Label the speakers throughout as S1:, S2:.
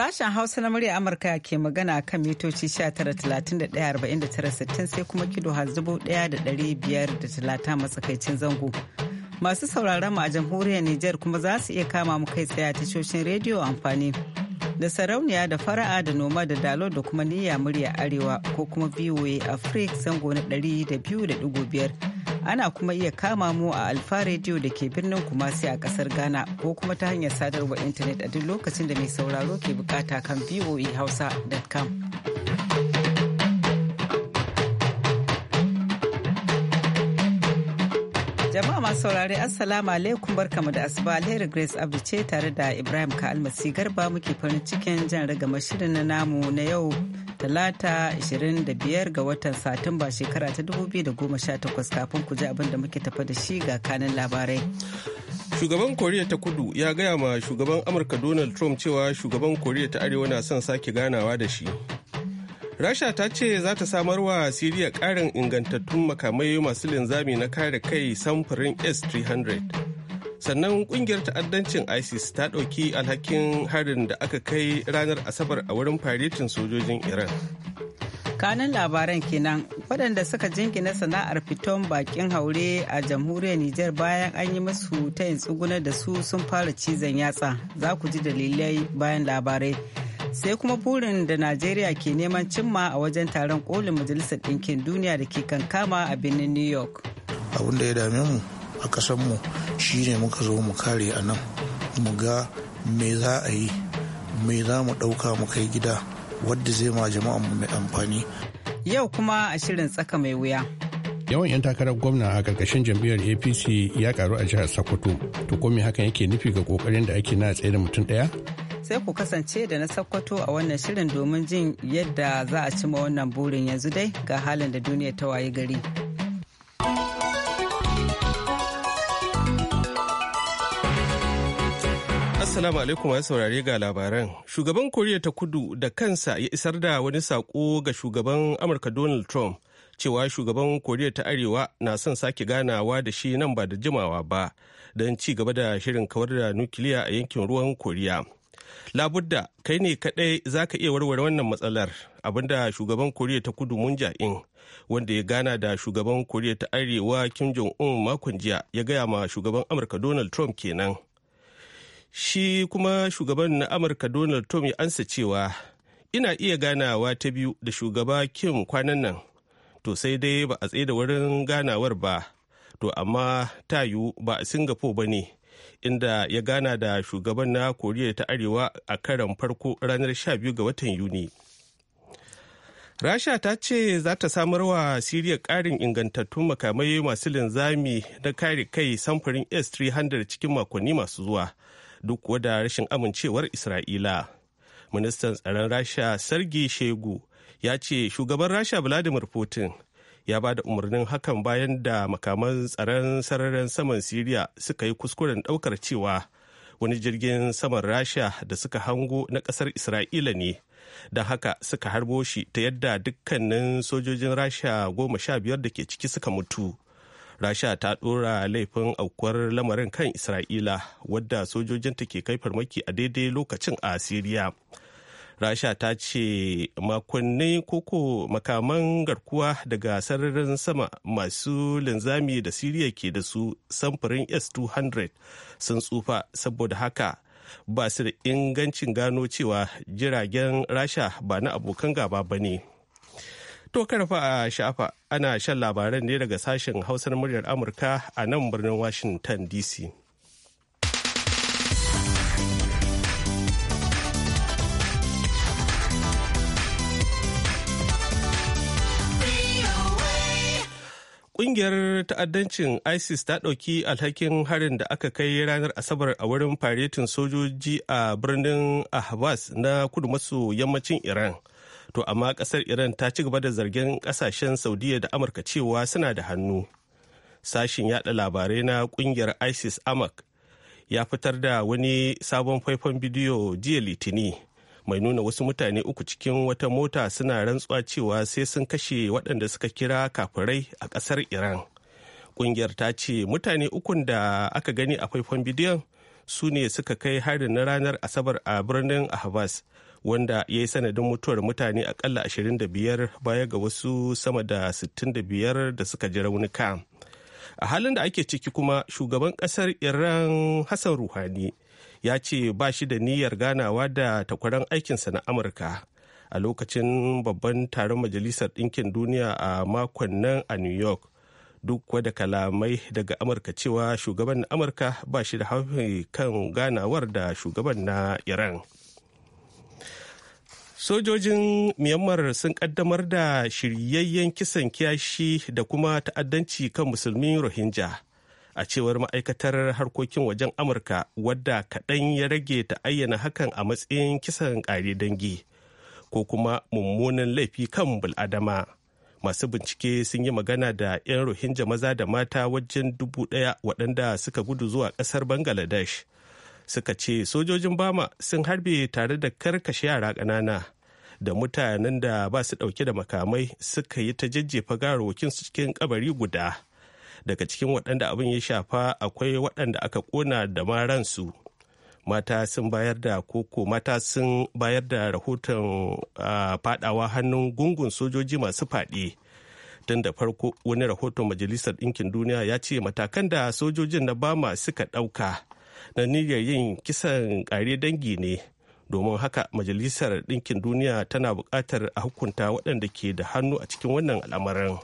S1: Sashen Hausa na murya Amurka ke magana kan mitoci 19,31,49,60 sai kuma kilo talata matsakaicin zango. Masu sauraron mu a jamhuriyar Nijar kuma za su iya kama mu kai tsaye a tashoshin rediyo amfani da sarauniya da fara'a da noma da dalo da kuma niyya murya arewa ko kuma voa afrik zango na da da biyu biyar ana kuma iya kama mu a alfa rediyo da ke birnin kumasi a kasar ghana ko kuma ta hanyar sadarwa intanet a duk lokacin da mai sauraro ke bukata kan hausa.com masu saurare assalamu alaikum barkamu da asuba alheri grace abdu ce tare da ibrahim ka almasi garba muke farin cikin jan ragama, shirin na namu na yau talata 25 ga watan satumba shekara ta 2018 kafin ku ji abin da muke tafa da shi ga kanin labarai
S2: shugaban koriya ta kudu ya gaya ma shugaban amurka donald trump cewa shugaban koriya ta arewa na son sake ganawa da shi rasha ta ce za ta samar wa siriya karin ingantattun makamai masu linzami na kare kai samfurin s-300 sannan kungiyar ta'addancin isis ta ɗauki alhakin harin da aka kai ranar asabar a wurin faretin sojojin iran
S1: kanan labaran kenan waɗanda suka jingina sana'ar fiton bakin haure a jamhuriyar niger bayan an yi musu tayin tsuguna da su sun fara cizon yatsa za ku ji dalilai bayan labarai sai kuma burin da najeriya ke neman cimma a wajen taron kolin majalisar ɗinkin duniya da ke kankama a birnin new york
S3: abin da ya dame mu a mu shine muka zo mu kare a nan mu ga me za a yi me za mu ɗauka mu kai gida wadda zai ma
S1: jama'a mai amfani yau kuma a shirin tsaka mai wuya
S3: yawan 'yan takarar
S4: gwamna a ƙarƙashin jam'iyyar apc ya ƙaru a jihar sokoto to ko me hakan yake nufi ga ƙoƙarin da ake na tsaye da mutum ɗaya?
S1: sai ku kasance da na sakkwato a wannan shirin domin jin yadda za a cima wannan burin yanzu dai ga halin da duniya ta waye gari.
S2: Assalamu alaikum masu saurare ga labaran. Shugaban Koriya ta kudu da kansa ya isar da wani sako ga shugaban Amurka Donald Trump cewa shugaban Koriya ta Arewa na son sake ganawa da shi nan ba da jimawa ba don ci gaba da shirin kawar da nukiliya a yankin ruwan Koriya. labudda kai ne kadai za ka iya warware wannan matsalar abinda shugaban koriya ta kudu mun in wanda ya gana da shugaban koriya ta arewa kim jong un makon jiya ya gaya ma shugaban amurka donald trump kenan shi kuma shugaban na amurka donald trump ya ansa cewa ina iya ganawa ta biyu da shugaba kim kwanan nan to sai dai ba a tsaye da wurin ganawar ba to amma ta yiwu ba a singapore ba ne inda ya gana da shugaban na koriya ta arewa a karan farko ranar 12 ga watan yuni rasha ta ce za ta samar wa siriya ƙarin ingantattun makamai masu linzami na kare kai samfurin s-300 cikin makonni masu zuwa duk da rashin amincewar isra'ila ministan tsaron rasha sergei shegu ya ce shugaban rasha vladimir putin ya ba da umarnin hakan bayan da makaman tsaron sararin saman siriya suka yi kuskuren daukar cewa wani jirgin saman rasha da suka hango na kasar isra'ila ne don haka suka harbo shi ta yadda dukkanin sojojin rasha goma sha biyar da ke ciki suka mutu rasha ta dora laifin aukuwar lamarin kan isra'ila wadda sojojinta ke kai farmaki a daidai lokacin a siriya rasha ta ce makonni koko makaman garkuwa daga sararin sama masu linzami da siriya ke da su samfurin s-200 sun tsufa saboda haka ba su da ingancin gano cewa jiragen rasha ba na abokan gaba ba ne to karfa a shafa ana shan labaran ne daga sashen hausar muryar amurka a nan birnin washington dc Ƙungiyar ta'addancin ISIS ta ɗauki alhakin harin da aka kai ranar Asabar a wurin faretin sojoji a birnin Ahvaz na kudu maso yammacin Iran. To amma ƙasar Iran ta ci gaba da zargin ƙasashen Saudiya da Amurka cewa suna da hannu. Sashin yaɗa labarai na ƙungiyar ISIS Amak ya fitar da wani sabon faifan bidiyo jiya Litini mai nuna wasu mutane uku cikin wata mota suna rantsuwa cewa sai sun kashe waɗanda suka kira kafirai a ƙasar iran ƙungiyar ta ce mutane ukun da aka gani a faifan bidiyon su ne suka kai harin na ranar asabar a birnin ahvaz wanda ya yi sanadin mutuwar mutane akalla 25 baya ga wasu sama da 65 da suka ji raunuka a halin da ake ciki kuma shugaban kasar iran hassan ruhani ya ce ba shi da niyyar ganawa da takwaran aikinsa na amurka a lokacin babban taron majalisar ɗinkin duniya a makon nan a new york duk wadda kalamai daga amurka cewa shugaban amurka ba shi da hafi kan ganawar da shugaban na iran sojojin myanmar sun kaddamar da shiryayyen kisan kiyashi da kuma ta'addanci kan musulmin rohingya a cewar ma'aikatar harkokin wajen amurka wadda kaɗan ya rage ta ayyana hakan a matsayin kisan ƙare dangi ko kuma mummunan laifi kan bul'adama masu bincike sun yi magana da 'yan rohingya maza da mata wajen dubu ɗaya waɗanda suka gudu zuwa ƙasar bangladesh suka ce sojojin bama sun harbe tare da karkashe yara ƙanana da mutanen da ba su ɗauke da makamai suka yi ta jajjefa garowakin cikin kabari guda daga cikin waɗanda abin ya shafa akwai waɗanda aka ƙona da ma ransu mata sun bayar da koko mata sun bayar da rahoton fadawa hannun gungun sojoji masu faɗi tun da farko wani rahoton majalisar ɗinkin duniya ya ce matakan da sojojin na bama suka ɗauka na niyyar yin kisan ƙare dangi ne domin haka majalisar ɗinkin duniya tana buƙatar a hukunta waɗanda ke da hannu a cikin wannan al'amarin.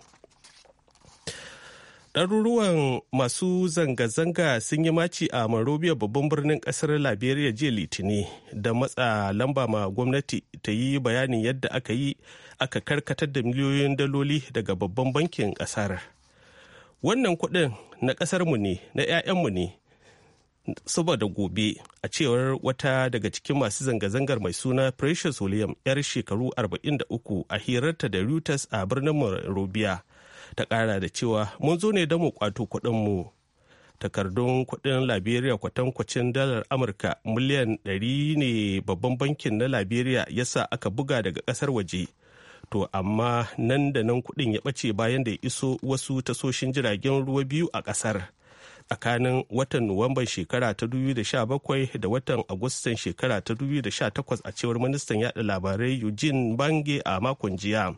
S2: ɗaruruwan masu zanga-zanga sun yi maci a Monrovia babban birnin ƙasar Liberia jiya litini da matsa lamba ma gwamnati ta yi bayanin yadda aka yi aka karkatar da miliyoyin daloli daga babban bankin ƙasar. Wannan kuɗin na ƙasarmu ne, na 'ya'yanmu ne, saboda gobe a cewar wata daga cikin masu zanga-zangar mai suna Precious William 'yar shekaru 43 a hirarta da Reuters a birnin Monrovia. ta ƙara da cewa mun zo ne da mu kwato mu takardun kuɗin liberia kwatankwacin dalar amurka miliyan 100 ne babban bankin na liberia yasa aka buga daga ƙasar waje to amma nan da nan kuɗin ya ɓace bayan da ya iso wasu tasoshin jiragen ruwa biyu a ƙasar tsakanin watan nuwamban shekara ta 2017 da watan agustan shekara ta 2018 a cewar ministan yaɗa labarai eugene bange a makon jiya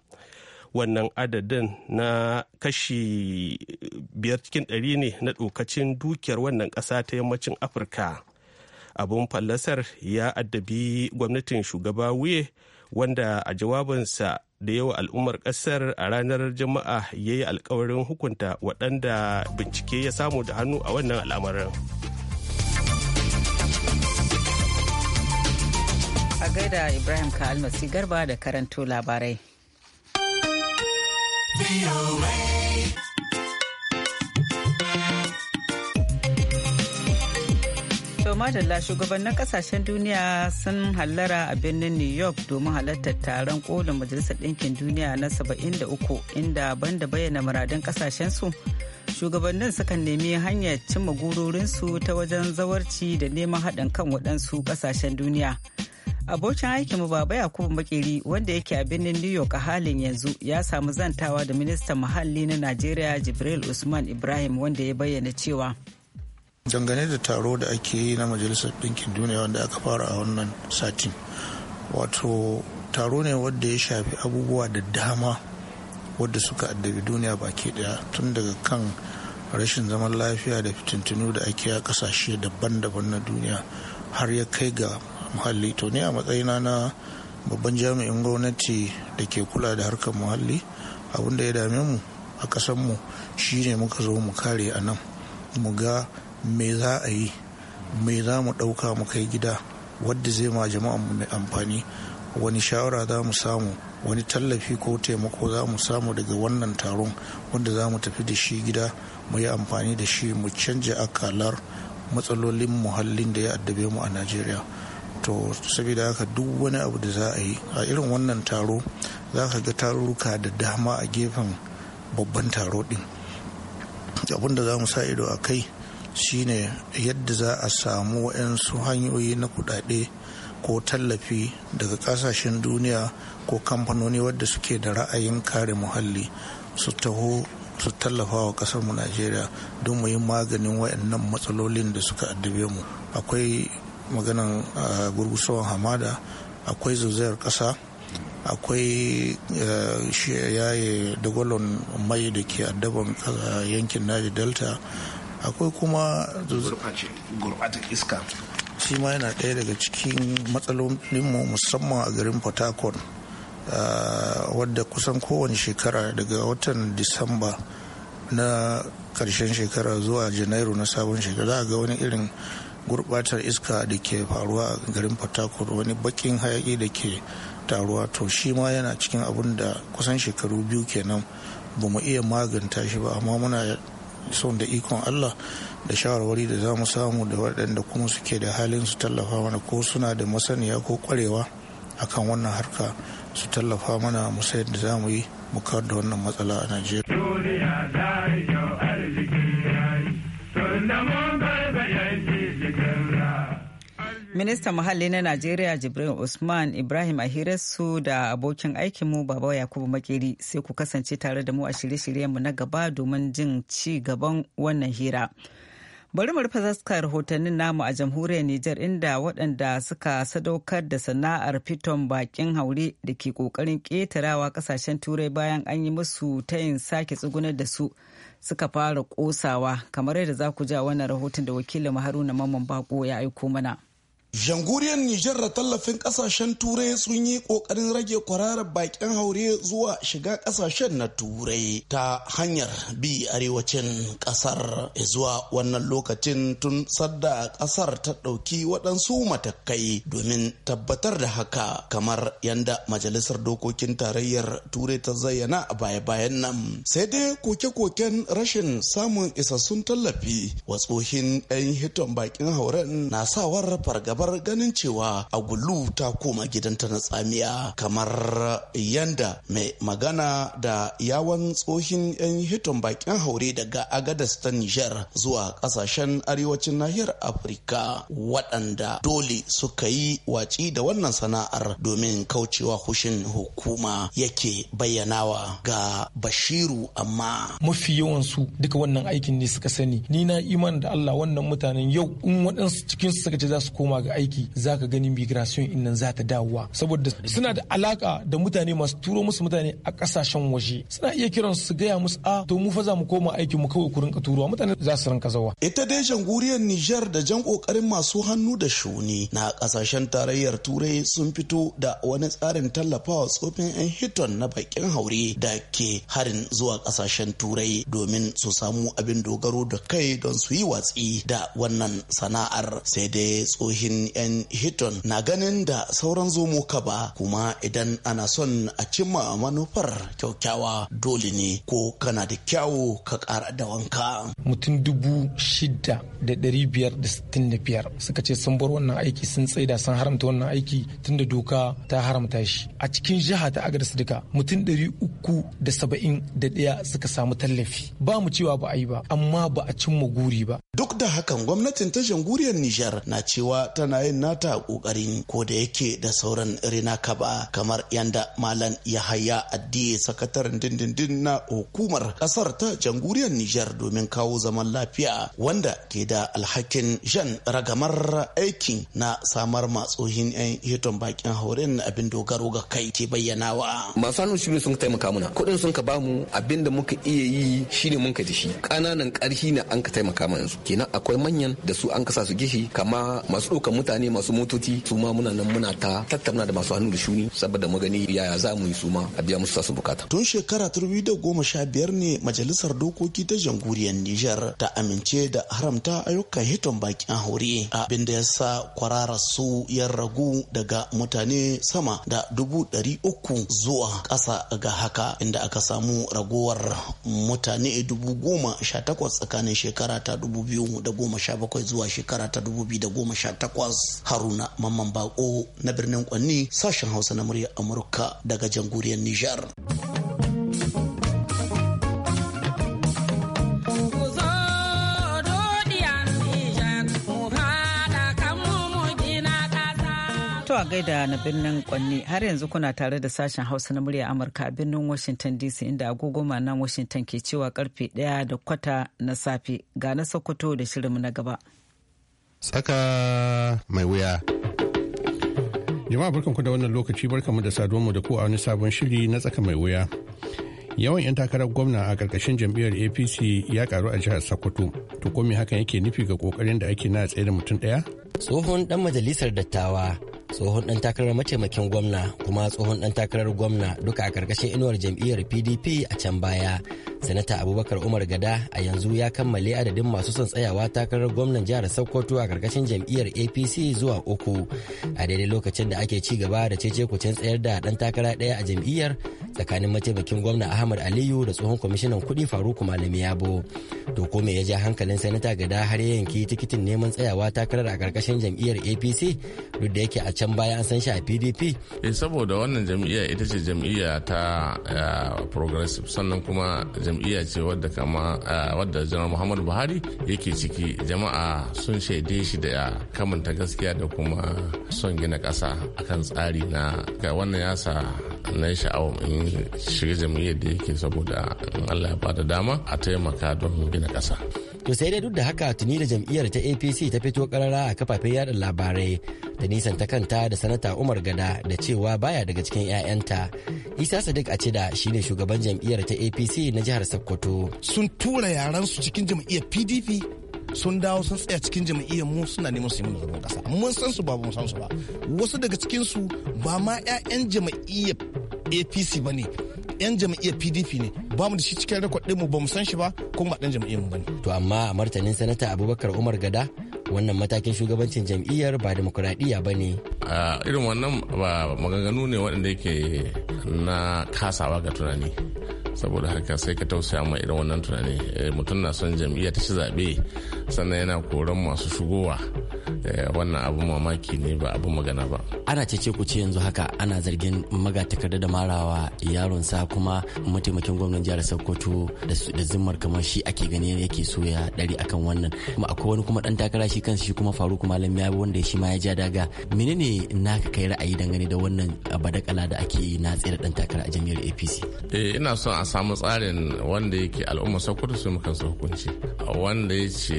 S2: wannan adadin na kashi biyar cikin ɗari ne na ɗaukacin dukiyar wannan ƙasa ta yammacin afirka abun fallasar ya addabi gwamnatin shugaba wuye wanda a jawabinsa da yawa al'ummar ƙasar a ranar jama'a ya yi alkawarin hukunta waɗanda bincike ya samu da hannu a wannan al'amarin.
S1: a gaida ibrahim ka almasi garba da karanto labarai madalla shugabannin kasashen duniya sun hallara a birnin new york domin halartar taron kolin majalisar ɗinkin duniya na 73 inda banda bayyana muradun kasashensu shugabannin sukan nemi hanyar cimma gurorinsu ta wajen zawarci da neman haɗin kan waɗansu kasashen duniya abokin aikin mu baba yakubu makeri wanda yake a birnin new york a halin yanzu ya samu zantawa da ministan muhalli na najeriya jibril usman ibrahim wanda ya bayyana cewa
S3: dangane da taro da ake yi na majalisar ɗinkin duniya wanda aka fara a wannan satin wato taro ne wadda ya shafi abubuwa da dama wadda suka addabi duniya baki daya tun daga kan rashin zaman lafiya da fitintinu da ake a kasashe daban-daban na duniya har ya kai ga muhalli to ni a matsayina na babban jami'in gwamnati da ke kula da harkar muhalli abin da ya dame mu a mu shine muka zo mu kare a nan mu ga me za a yi me za mu ɗauka mu kai gida wadda zai ma jama'an mu mai amfani wani shawara za mu samu wani tallafi ko taimako za mu samu daga wannan taron wanda za mu tafi da shi gida mu yi amfani da shi mu canja akalar matsalolin muhallin da ya addabe mu a najeriya to saboda haka duk wani abu da za a yi a irin wannan taro za ka ga tarurruka da dama a gefen babban taro din abin da za mu sa ido a kai shine yadda za a samu waɗansu hanyoyi na kuɗaɗe ko tallafi daga ƙasashen duniya ko kamfanoni wadda suke da ra'ayin kare muhalli su taho su tallafa wa kasar mu Najeriya don mu yi maganin waɗannan matsalolin da suka addabe mu akwai maganan eh, gurgusowar hamada akwai zuzayar kasa akwai eh, yaye dagwalon mai da ke addaban eh, yankin naji delta akwai kuma gurbatar iska shi ma yana ɗaya daga cikin matsalolinmu musamman a garin port harcourt wadda kusan kowane shekara daga watan disamba na karshen shekara zuwa janairu na sabon shekara za a ga wani irin gurbatar iska da ke faruwa a garin Fatakur wani bakin hayaki da ke taruwa to shi ma yana cikin abun da kusan shekaru biyu kenan ba mu iya maganta shi ba amma muna son da ikon Allah da shawarwari da za mu samu da waɗanda kuma suke da halin su tallafa mana ko suna da masaniya ko kwarewa akan wannan harka su tallafa mana mu sayar da za mu yi mu kawar da wannan matsala a Najeriya.
S1: Ministan Muhalli na Najeriya Jibrin Usman Ibrahim Ahirasu da abokin aikinmu Baba Yakubu Makeri sai ku kasance tare da mu a shirye-shiryenmu na gaba domin jin ci gaban wannan hira. Bari mu rufe zaskar rahotannin namu a jamhuriyar Nijar inda waɗanda suka sadaukar da sana'ar fiton bakin haure da ke ƙoƙarin ƙetarawa ƙasashen turai bayan an yi musu tayin sake tsugunar da su suka fara ƙosawa kamar yadda za ku ja wannan rahoton da wakilin Haruna Mamman Bako ya aiko mana.
S5: Janguriyar Nijar da tallafin kasashen Turai sun yi kokarin rage kwararar bakin haure zuwa shiga kasashen na Turai ta hanyar bi arewacin kasar zuwa wannan lokacin tun sadda kasar ta ɗauki waɗansu matakai domin tabbatar da haka kamar yanda Majalisar Dokokin Tarayyar Turai ta zayyana a baya-bayan nan. Sai dai koke-koken rashin samun isassun tallafi wa tsohin yan hiton bakin hauren na sawar fargabar damar ganin cewa agulu ta koma gidanta na tsamiya kamar yanda mai magana da yawan tsohin 'yan hiton bakin haure daga agadas ta nijar zuwa kasashen arewacin nahiyar afirka waɗanda dole suka yi watsi da wannan sana'ar domin kaucewa hushin hukuma yake bayyanawa ga bashiru amma
S6: mafi yawansu duka wannan aikin ne suka sani ni na iman da allah wannan mutanen yau in waɗansu cikinsu suka ce za su koma ga aiki za ka gani migration in nan za ta dawowa saboda suna da alaka da mutane masu turo musu mutane a kasashen waje
S5: suna iya kiran su gaya musu a ah, to mu fa za mu koma aikin mu kawai kurin katuruwa turowa mutane za su rinka zawa ita dai jamhuriyar Niger da jan kokarin masu hannu da shuni na kasashen tarayyar turai sun fito da wani tsarin tallafawa tsofin yan hiton na bakin haure da ke harin zuwa kasashen turai domin su samu abin dogaro da kai don su yi watsi da wannan sana'ar sai dai tsohin 'yan hiton na ganin da sauran zomo ka ba kuma idan ana son a cimma manufar kyaukyawa dole ne ko kana da kyawu ka kara da wanka.
S6: Mutum dubu shida da ɗari biyar da sittin da biyar suka ce sun bar wannan aiki sun tsaida sun haramta wannan aiki tunda doka ta haramta shi. A cikin jiha ta agadis duka mutum ɗari uku da saba'in da ɗaya suka samu tallafi. Ba mu cewa ba a yi ba amma ba a cimma guri ba.
S5: Duk da hakan gwamnatin tashin guriyar Nijar na cewa ta tana yin nata kokarin ko da yake da sauran rina kaba kamar yanda malam yahaya addiye sakataren dindindin na hukumar kasar ta jamhuriyar nijar domin kawo zaman lafiya wanda ke da alhakin jan ragamar aikin na samar matsohin 'yan hiton bakin hauren abin dogaro ga kai ke bayyanawa
S2: masu
S6: hannun shi sun taimaka muna kuɗin
S5: sun ka bamu abin da muka iya yi shine mun ka ji shi ƙananan
S6: ƙarfi na an ka taimaka mana su kenan akwai manyan da su an kasa su gishi kama masu ɗaukar mutane masu motoci su ma muna nan muna ta tattauna da masu hannu da shuni saboda magani yaya za mu yi su ma a
S5: biya musu sasu bukata. Tun shekara ta da goma sha biyar ne majalisar dokoki ta jamhuriyar Nijar ta amince da haramta ayyukan hiton bakin hore abin da ya sa kwararar su ya ragu daga mutane sama da dubu ɗari uku zuwa ƙasa ga haka inda aka samu ragowar mutane dubu goma sha takwas tsakanin shekara ta dubu biyu da goma sha bakwai zuwa shekara ta dubu biyu da goma sha takwas. Abbas haruna mamman bako na birnin kwanni sashen hausa na murya amurka daga janguriyar nijar.
S1: a gaida na birnin kwanni har yanzu kuna tare da sashen hausa na murya amurka a birnin washington dc inda agogo nan washington ke cewa karfe daya da kwata na safe ga na sokoto da shirin na gaba.
S4: tsaka mai wuya. Jama'a barkanku da wannan lokaci mu da mu da ku a wani sabon shiri na tsaka mai wuya. Yawan 'yan takarar gwamna a ƙarƙashin jam'iyyar APC ya karu a jihar Sokoto. To ko me hakan yake nufi ga ƙoƙarin da ake na tsaye da mutum ɗaya? Tsohon ɗan majalisar
S7: dattawa, tsohon ɗan takarar mataimakin gwamna, kuma tsohon ɗan takarar gwamna duka a ƙarƙashin inuwar jam'iyyar PDP a can baya. sanata abubakar umar gada a yanzu ya kammale adadin masu son tsayawa takarar gwamnan jihar sokoto a karkashin jam'iyyar apc zuwa uku a daidai lokacin da ake ci gaba da cece kucin tsayar da dan takara ɗaya a jam'iyyar tsakanin mataimakin gwamna ahmad aliyu da tsohon kwamishinan kuɗi faruku malami yabo to ko me ya ja hankalin sanata gada har ya yanki tikitin neman tsayawa takarar a karkashin jam'iyyar apc duk da yake a can baya an san shi a
S8: pdp eh saboda wannan jam'iyya ita ce jam'iyya ta eh, progressive sannan kuma jam'iyya ce wadda kama eh, wadda janar muhammadu buhari yake ciki jama'a sun shaide shi da kamanta gaskiya da kuma son gina kasa akan tsari na ga wannan yasa na sha'awar in shiga jam'iyyar da yake saboda in Allah ya bada dama a taimaka don gina ƙasa.
S7: To sai dai duk da haka tuni da jam'iyyar ta APC ta fito karara a kafafen yada labarai da nisan ta kanta da sanata Umar Gada da cewa baya daga cikin 'ya'yanta. Isa Sadiq a cida shine shugaban jam'iyyar ta APC na jihar Sokoto. Sun
S5: tura yaran su cikin jam'iyyar PDP sun dawo sun tsaya cikin jam'iyyar mu suna neman su yi mana zagon kasa mun san su ba mun san su ba wasu daga cikin su ba ma 'ya'yan jam'iyyar apc ba ne 'yan jam'iyyar pdp ne ba mu da shi cikin din mu ba mu san shi ba ko ba dan jam'iyyar mu ba ne.
S7: to amma martanin sanata abubakar umar gada wannan matakin shugabancin jam'iyyar ba demokuraɗiyya ba ne.
S8: irin wannan maganganu ne waɗanda yake na kasawa ga tunani saboda haka sai ka tausaya ma irin wannan tunani eh, mutum na son jam'iyyar ta ci zaɓe sannan yana koran masu shigowa eh, wannan abu mamaki ne ba abin magana ba
S7: ana cece ku ce yanzu haka ana zargin magatakarda da marawa yaronsa kuma mataimakin gwamnan jihar sokoto da zimmar kamar shi ake gani yake soya dari akan wannan kuma akwai wani kuma dan takara shi kansa shi kuma faruk malam ya wanda shi ma ya ja daga menene naka kai ra'ayi dangane da wannan badakala da ake na tsira dan takara a jami'ar
S8: apc eh ina son a samu tsarin wanda yake al'umma sokoto su mukan su hukunci wanda ya ce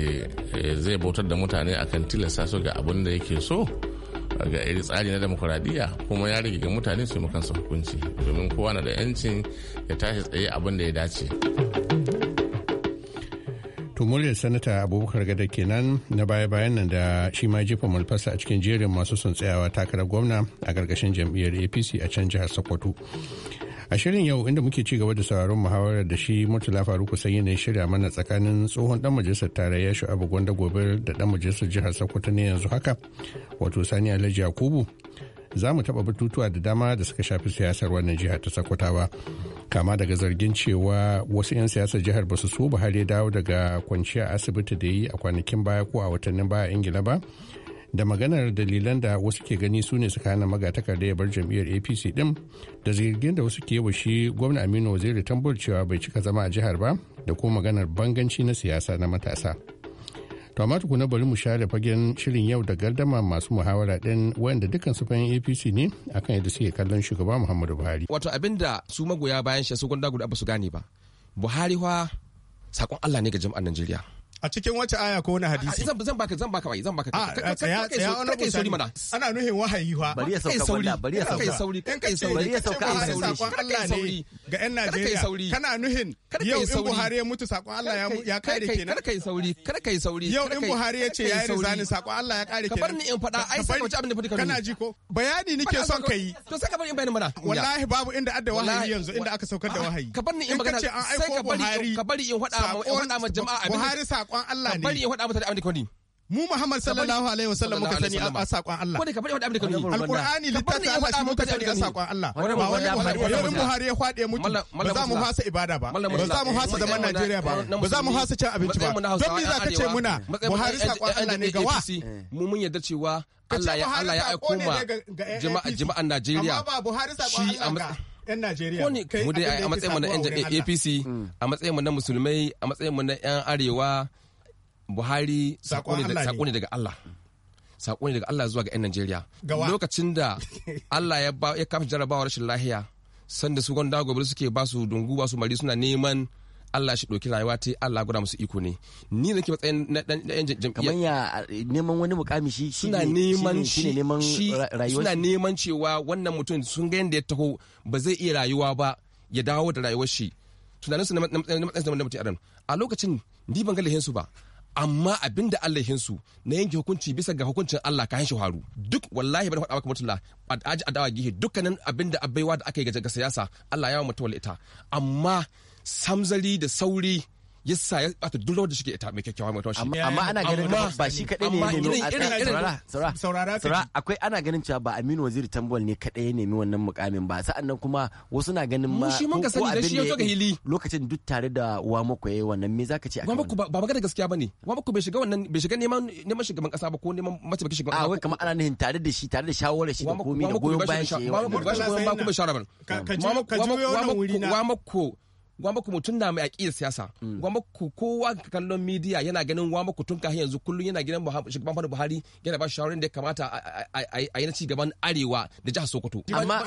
S8: eh, zai bautar da mutane akan tilasta su ga abin da yake so ga iri tsari na demokuraɗiyya kuma ya rage ga mutane su mukan su hukunci domin kowa na da 'yancin ya tashi tsaye abin da ya dace. to
S4: sanata abubakar gada kenan na baya-bayan nan da shi ma jefa malfasa a cikin jerin masu son tsayawa takarar gwamna a ƙarƙashin jam'iyyar apc a can jihar sokoto a shirin yau inda muke ci gaba da sauraron muhawarar da shi murtala faruku sanyi ne shirya mana tsakanin tsohon dan majalisar tarayya shu'abu gwanda gobe da dan majalisar jihar sokoto ne yanzu haka wato sani alhaji yakubu za mu taɓa batutuwa da dama da suka shafi siyasar wannan jihar ta sokotawa kama daga zargin cewa wasu 'yan siyasar jihar ba su so buhari dawo daga kwanciya asibiti da yi a kwanakin baya ko a watannin baya ingila ba da maganar dalilan da wasu ke gani su ne suka hana magatakarda ya bar jam'iyyar apc din da zirgin da wasu ke shi gwamna aminu waziri tambol cewa bai cika zama a jihar ba da kuma maganar banganci na siyasa na matasa to amma tukuna bari mu share fagen shirin yau da gardama masu muhawara din wanda dukkan su fayin apc ne akan yadda suke kallon shugaba muhammadu buhari
S6: wato abinda su magoya bayan shi su gwanda guda ba su gane ba buhari fa sakon allah ne ga jama'ar najeriya
S9: a cikin wace aya ko wani hadisi zan zan baka zan baka bai zan baka ah, a eh, tsaya tsaya wani kai sauri mana ana nuhin wahayi fa bari ya sauka wallahi bari ya sauka kai sauri kan kai sauri bari ya sauka kai sauri sakon Allah ne ga yan Najeriya kana nuhin yau in Buhari ya mutu sakon Allah ya kare kenan kar
S6: kai sauri kar kai sauri yau in Buhari ya ce ya yi zani sakon Allah ya kare kenan ka bar ni in fada ai sai mace abin da fadi kana ji ko bayani nake son kai to sai ka bar in bayani mana wallahi babu inda adda wahayi yanzu inda aka saukar da ah, wahayi ka bar ni in magana sai ka bari ka bari in fada ma jama'a abin Buhari sakon Allah ne bari ya faɗa da abin
S9: da kwani. mu Muhammad sallallahu alaihi wasallam muka sani a sakon Allah
S6: Kwani ka bari ya faɗa abin da kwani. alqur'ani littafin Allah shi muka sani a sakon Allah ba wani wani Buhari ya faɗe mutu ba za mu hasa eh, eh, ibada ba eh, ba za mu hasa zaman Najeriya ba ba za mu hasa cin abinci ba don me za ka ce muna Buhari sakon Allah ne ga wa mu mun yarda cewa Allah ya Allah ya aiko ma
S4: jama'a jama'an Najeriya Allah ga.
S9: 'yan Najeriya.
S6: Mu dai a matsayin mu na 'yan APC, mm. a matsayin mu na musulmai, a matsayin mu na 'yan arewa, Buhari sako ne daga Allah. Sako ne daga Allah zuwa ga 'yan Najeriya. Lokacin da Allah ya kafa jarabawa rashin lahiya, sanda su gwanda gobe suke ba su dungu ba su mari suna neman Allah shi ɗauki rayuwa ta Allah guda musu iko ne ni zan ke matsayin na ɗan jam'iyyar kamar
S7: ya neman wani mukami shi suna neman shi neman rayuwa suna
S6: neman cewa wannan mutum sun ga yanda ya taho ba zai iya rayuwa ba ya dawo da rayuwar shi tunaninsu na matsayin na mutum adam a lokacin ni ban ga lahinsu ba amma abin da Allah hinsu na yanke hukunci bisa ga hukuncin Allah ka shi haru duk wallahi bari faɗa maka mutulla aji adawa gihe dukkanin abin da abaiwa da aka yi ga siyasa Allah ya wa mutuwar ita amma samzali da sauri ya sa ya ta duk da shike ke ita
S7: mai kyakkyawa mai tashi. Amma ana ganin ba shi kadai ne ne saurara
S9: saurara saurara
S7: akwai ana ganin cewa ba Aminu Waziri Tambol ne kadai ya nemi wannan mukamin ba sa'an nan kuma wasu na ganin ma shi mun ga sani da shi ya ga hili lokacin duk tare da Wamako yayi wannan me zaka ce akwai wannan ba magana
S6: gaskiya bane Wamako bai shiga wannan bai shiga neman neman shugaban kasa ba ko neman mataimakin shugaban kasa a wai kamar ana nihin tare da
S7: shi tare da shawara shi da komai da goyon bayan shi Wamako ba shi goyon ku kuma shawara ba
S6: Wamako gwamba ku mutum na mai aƙiyar siyasa mm. gwamba ku kowa ka kallon midiya yana ganin gwamba ku tun kahin yanzu kullum yana ganin shugaban fadar buhari yana ba shi shawarar da ya kamata a yi na cigaban arewa da jihar sokoto amma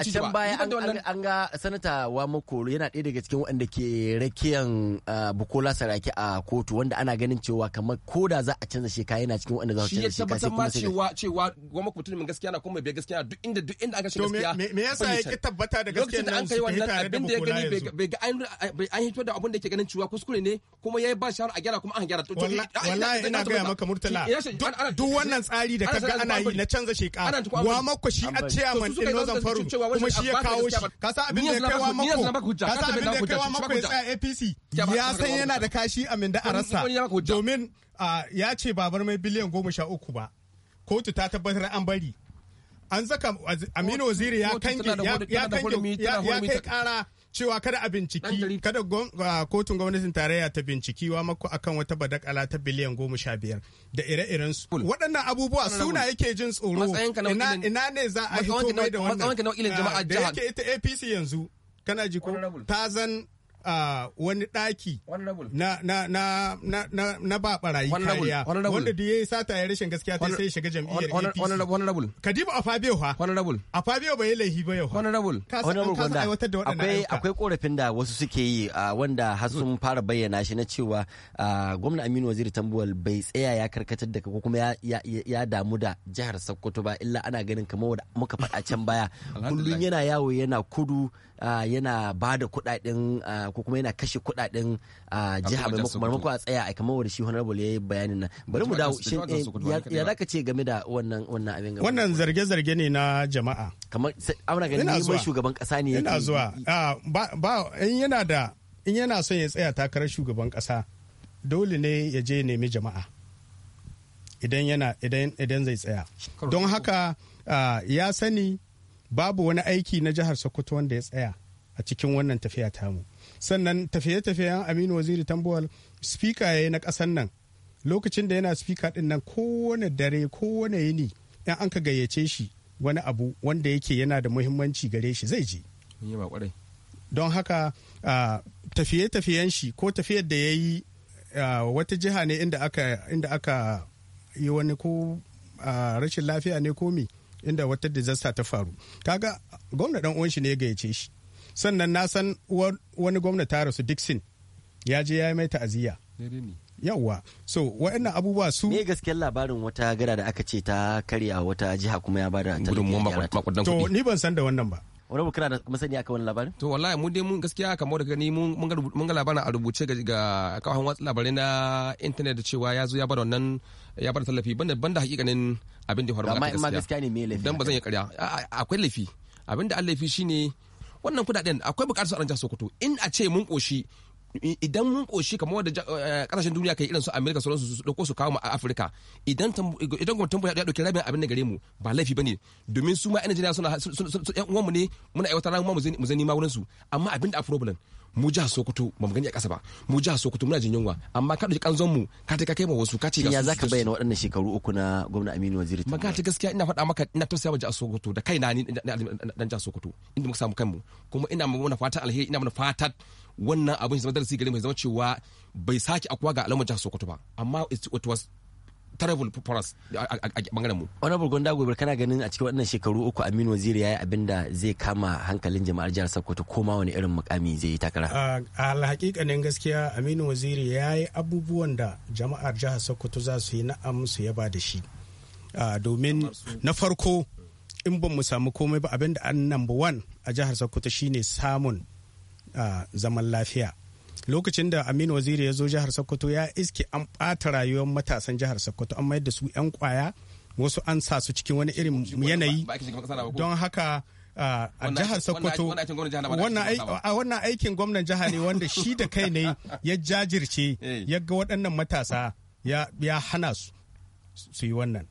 S6: a can baya
S7: an ga sanata wamakoro yana ɗaya daga cikin waɗanda ke rakiyan uh, bukola saraki a kotu wanda ana ganin cewa kamar da za a canza shekara yana cikin waɗanda za a canza shekara sai kuma sai
S6: cewa gwamba ku mutum gaskiya na kuma bai gaskiya duk inda duk inda aka shi gaskiya me yasa ya ki tabbata da gaskiya nan su tare da bukola bai ga an hito da abin da yake ganin cewa kuskure ne kuma yayi ba shawara a gyara kuma an gyara to eh, wallahi ina ga maka murtala
S9: duk wannan tsari da kaga ana yi na canza sheka wa mako shi a chairman din Northern Forum kuma shi ya kawo shi ka san abin da kai wa mako ka san abin da kai wa mako ya tsaya APC ya san yana da kashi amin da arasa domin ya ce babar mai biliyan goma sha uku ba kotu ta tabbatar an bari an zaka aminu waziri ya kange ya kai kara cewa kada a binciki kada kotun gwamnatin tarayya ta binciki wa mako akan wata badakala ta biliyan goma sha biyar da ire-iren su waɗannan abubuwa suna yake jin tsoro ina ne za a hito mai da wannan da yake ita apc yanzu kana ji ko ta zan Uh, wani ɗaki na ba barayi kariya wanda da yi sata ya rashin gaskiya ta sai shiga jam'iyyar APC honorable kadiba afabeo ha honorable afabeo bai laifi ba yau honorable ka san ka san aiwatar da waɗannan akwai
S7: akwai korafin da wasu suke yi uh, wanda har sun fara bayyana shi na cewa uh, gwamna Aminu Waziri Tambuwal bai tsaya ya karkatar da ko kuma ya damu da jihar Sokoto ba illa ana ganin kamar wanda muka faɗa can baya kullun yana yawo yana kudu yana ba da kuɗaɗen ko kuma yana kashe kuɗaɗen jiha maimakon a tsaya a kamar wanda shi honorable ya yi bayanin nan bari mu dawo shin eh, ya zaka ce game da wannan wannan
S9: abin wannan zarge-zarge ne na jama'a kamar ana ganin neman shugaban kasa ne yana zuwa ba in yana da in yana son ya tsaya takarar shugaban kasa dole ne ya je nemi jama'a idan yana idan zai tsaya don haka ya sani babu wani aiki na jihar sokoto wanda ya tsaya a cikin wannan tafiya tamu sannan tafiye-tafiyen aminu waziri tambuwal spika ya yi na ƙasan nan lokacin da yana spika ɗin nan kowane dare kowane yini in an ka gayyace shi wani abu wanda yake yana da muhimmanci gare shi zai je don haka tafiye-tafiyen shi ko tafiyar da ya yi wata jiha ne inda aka yi wani ko rashin lafiya ne ko me inda wata disaster ta faru kaga gwamna dan uwan shi ne ya gayyace shi sannan na san wani gwamna ta rasu dixon ya je ya yi mai ta'aziyya yawwa
S7: so wa'annan abubuwa su me gaskiyar labarin wata gara da aka ce ta karya wata jiha kuma ya bada talabijin to ni ban san da wannan ba wani kana da masani akan wani labarin
S6: to wallahi mun dai mun gaskiya kamar da gani mun ga labarin a rubuce ga kawan watsa labarai na intanet cewa ya zo ya bada wannan ya bada tallafi banda banda hakikanin abin da ya faru ba gaskiya amma gaskiya ne me laifi dan ba zan yi karya akwai laifi abin da an laifi shine wannan kudaden akwai bukatar su a jihar Sokoto in a ce mun koshi idan mun koshi kamar wanda eh, kasashen duniya kai irin su Amerika sauran su dauko su kawo mu a Afirka idan idan gwamnatin ya dauki rabin abin da gare mu ba laifi bane domin su ma yan Najeriya suna yan uwanmu ne muna aiwatar mu mu zani ma wurin su amma abin da a problem mu jihar sokoto ba mu gani a ƙasa ba mu jihar sokoto muna jin yunwa amma ka ɗauki ƙanzon mu ka ta kai ma wasu ka ce ya ka bayyana
S7: waɗannan shekaru uku na gwamna aminu waziri magana ta gaskiya
S6: ina faɗa maka ina tausaya wa jihar sokoto da kaina ni dan jihar sokoto inda muka samu kanmu kuma ina mana fatan alheri ina mana fatan wannan abin zama darasi gare mai zama cewa bai sake akwa ga al'ummar jihar sokoto ba amma it was terrible for us a bangaren mu
S7: honorable gonda gobe kana ganin a cikin wannan shekaru uku aminu waziri yi abin da zai kama hankalin jama'ar jihar sokoto ko ma wani irin mukami zai yi takara
S9: a alhaƙiƙanin gaskiya aminu waziri ya yi abubuwan da jama'ar jihar sokoto za su yi na'am su yaba da shi domin na farko in ban mu samu komai ba abin da an number one a jihar sokoto shine samun zaman lafiya lokacin da aminu waziri ya zo jihar sokoto ya iske an bata rayuwar matasan jihar sokoto an mayar da su 'yan kwaya wasu an sa su cikin wani irin yanayi don haka a jihar sokoto wannan aikin gwamnan jiha ne wanda shi da kai ne ya jajirce eh. ya ga waɗannan matasa ya hana su su yi wannan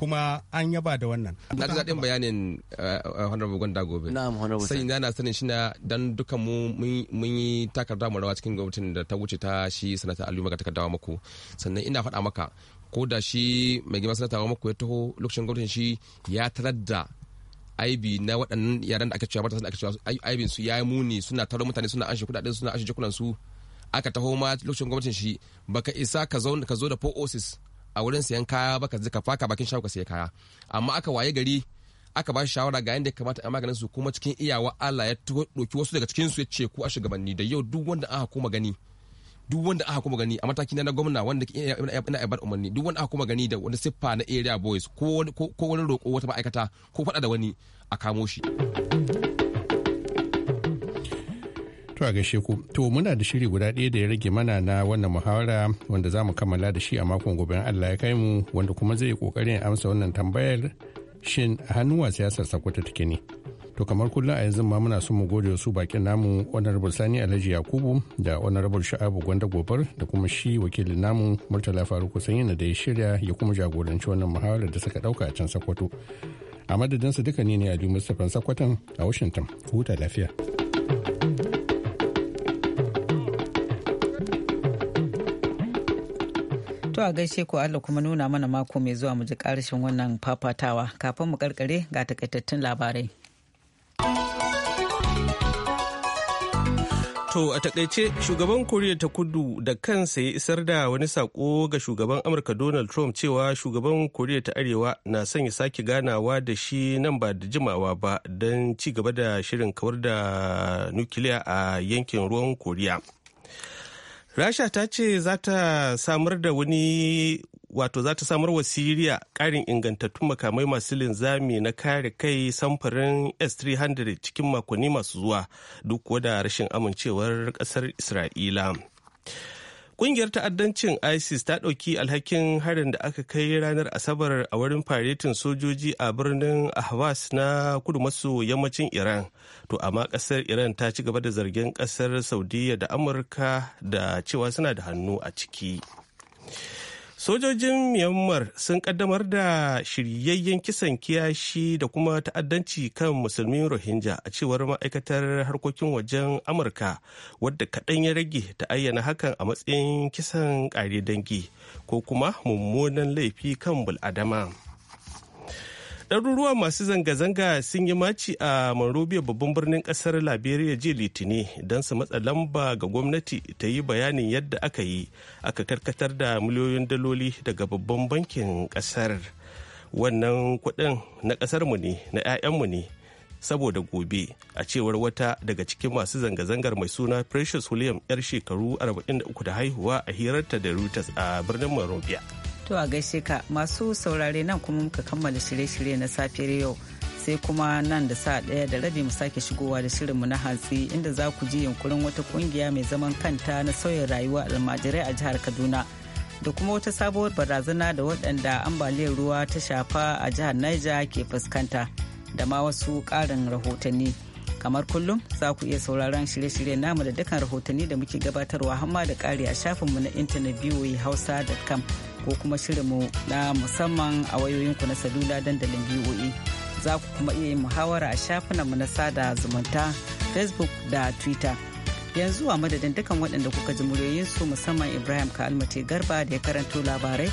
S9: kuma an yaba da wannan.
S6: Na ji daɗin bayanin eh, Honorable Gwanda Gobe. Na'am Honorable. Sai na sanin shi na dan dukan mu mun yi takarda mu rawa cikin gwamnatin da ta wuce ta shi sanata Aliyu Maga takardawa muku. Sannan ina faɗa maka ko da shi mai gima sanata muku ya taho lokacin gwamnatin shi ya tarar da aibi na waɗannan yaran da aka cewa matasan da aka cewa aibin su ya muni suna taro mutane suna anshe kuɗaɗen suna anshe jikunan su aka taho ma lokacin gwamnatin shi baka isa ka zo da osis. a wurin sayan kaya baka zika faka bakin shago ka sayi kaya amma aka waye gari aka ba shi shawara ga yadda kamata a maganin su kuma cikin iyawa Allah ya doki wasu daga cikin su ya ce ku a shugabanni da yau duk wanda aka kuma gani duk wanda aka kuma gani a mataki na gwamna wanda ina bar umarni duk wanda aka kuma gani da wani siffa na area boys ko wani roƙo wata ma'aikata ko faɗa da wani a kamo shi.
S4: a gaishe ku. To muna da shiri guda ɗaya da ya rage mana na wannan muhawara wanda za mu kammala da shi a makon gobe Allah ya kai mu wanda kuma zai kokarin amsa wannan tambayar shin hannuwa siyasar sakwata take ne. To kamar kullum a yanzu ma muna son mu gode su bakin namu Honorable Sani Alhaji Yakubu da Honorable Sha'abu Gwanda Gobar da kuma shi wakilin namu Murtala Faruku Sanyina da ya shirya ya kuma jagoranci wannan muhawara da suka ɗauka a can sakwato A madadinsu duka ne ne a Mustapha sakwatan a Washington. Huta lafiya.
S1: To a gaishe ku Allah kuma nuna mana mako mai zuwa mu ji karshen wannan fafatawa kafin mu karkare ga takaitattun labarai. To a takaice shugaban Koriya ta kudu da kansa ya
S2: isar da wani sako ga shugaban Amurka Donald Trump cewa shugaban Koriya ta Arewa na son ya sake ganawa da shi nan ba da jimawa ba don ci gaba da shirin kawar da nukiliya a yankin ruwan Koriya. rasha ta ce za ta samar da wani wato za ta samar wa siriya ƙarin ingantattun makamai masu linzami na kare kai samfurin s-300 cikin makonni masu zuwa duk da rashin amincewar kasar isra'ila Ƙungiyar ta'addancin ISIS ta ɗauki alhakin harin da aka kai ranar Asabar a wurin faretin sojoji a birnin ahwas na kudu maso yammacin Iran. To amma ƙasar Iran ta ci gaba da zargin ƙasar Saudiya da Amurka da cewa suna da hannu a ciki. sojojin myanmar sun kaddamar da shiryayyen kisan kiyashi da kuma ta'addanci kan musulmin rohingya a cewar ma'aikatar harkokin wajen amurka wadda kaɗan ya rage ta ayyana hakan a matsayin kisan ƙare dangi ko kuma mummunan laifi kan bul'adama. ɗaruruwa masu zanga-zanga sun yi maci a monrovia babban birnin ƙasar liberia jiya litini don su matsa lamba ga gwamnati ta yi bayanin yadda aka yi aka karkatar da miliyoyin daloli daga babban bankin ƙasar wannan kuɗin na ƙasarmu ne na 'ya'yanmu ne saboda gobe a cewar wata daga cikin masu zanga-zangar mai suna precious william yar shekaru 43 da haihuwa a hirarta da reuters a birnin monrovia
S1: To a gaishe ka masu saurare nan kuma muka kammala shirye-shirye na safiyar yau. sai kuma nan da sa ɗaya da rabi mu sake shigowa da shirinmu na hantsi inda za ku ji yunkurin wata kungiya mai zaman kanta na sauyin rayuwa almajirai a jihar kaduna da kuma wata sabuwar barazana da waɗanda ambaliyar ruwa ta shafa a jihar niger ke fuskanta da ma wasu ƙarin rahotanni. kamar kullum za ku iya sauraron shirye-shiryen namu da dukkan rahotanni da muke gabatarwa hamma da kari a shafinmu na intanet hausa.com ko kuma shirinmu na musamman a wayoyinku na salula dandalin biyoyi za ku kuma iya yin muhawara a shafinmu na sada zumunta facebook da twitter yanzu a madadin dukkan waɗanda kuka ji muryoyinsu musamman ibrahim kalmate garba da ya karanto labarai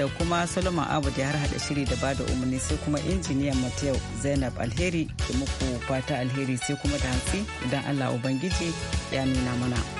S1: da kuma solomon abu da ya harhaɗa shiri da bada umarni sai kuma injiniyan mateo zainab alheri da muku fata alheri sai kuma da hantsi idan allah ubangiji ya nuna mana.